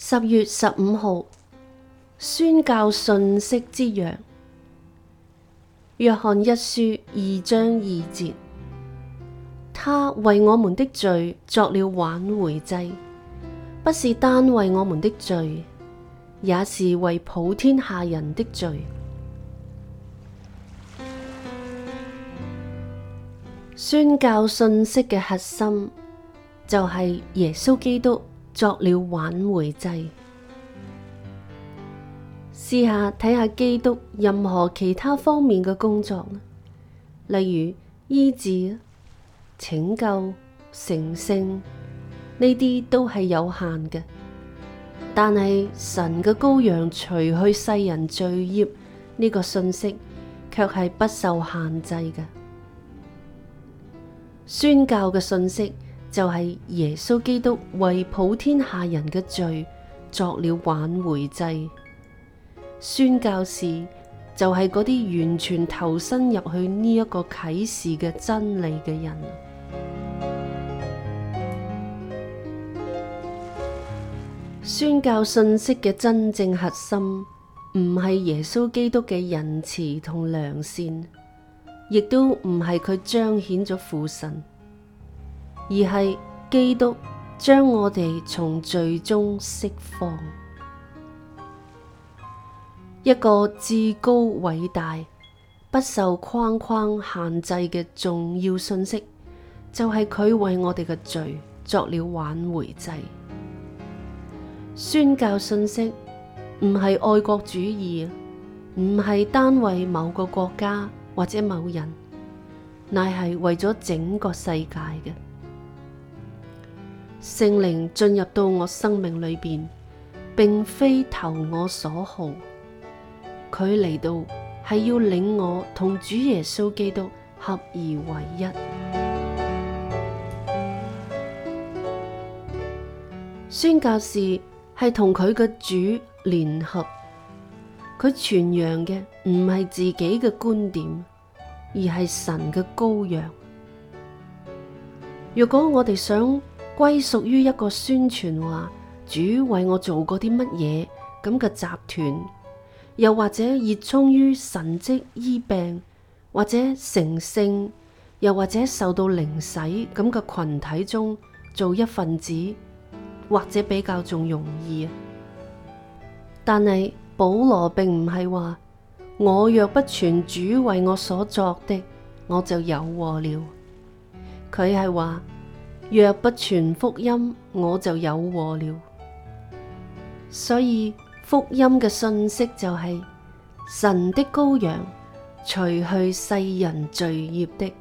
十月十五號，宣教信息之約，約翰一書二章二節，他為我們的罪作了挽回祭，不是單為我們的罪，也是為普天下人的罪。宣教信息嘅核心就係耶穌基督。作了挽回祭，試下睇下基督任何其他方面嘅工作，例如醫治、拯救、成聖呢啲都係有限嘅。但係神嘅羔羊除去世人罪孽呢、這個信息，卻係不受限制嘅。宣教嘅信息。就係耶穌基督為普天下人嘅罪作了挽回祭。宣教士就係嗰啲完全投身入去呢一個啟示嘅真理嘅人。宣教信息嘅真正核心，唔係耶穌基督嘅仁慈同良善，亦都唔係佢彰顯咗父神。而係基督將我哋從罪中釋放，一個至高偉大、不受框框限制嘅重要信息，就係、是、佢為我哋嘅罪作了挽回祭。宣教信息唔係愛國主義，唔係單為某個國家或者某人，乃係為咗整個世界嘅。聖靈進入到我生命裏邊，並非投我所好，佢嚟到係要領我同主耶穌基督合而為一。宣教士係同佢嘅主聯合，佢傳揚嘅唔係自己嘅觀點，而係神嘅羔羊。若果我哋想，歸屬於一個宣傳話主為我做過啲乜嘢咁嘅集團，又或者熱衷於神蹟醫病，或者成聖，又或者受到靈洗咁嘅群體中做一分子，或者比較仲容易。但係保羅並唔係話我若不傳主為我所作的，我就有禍了。佢係話。若不傳福音，我就有禍了。所以福音嘅信息就係、是、神的羔羊，除去世人罪孽的。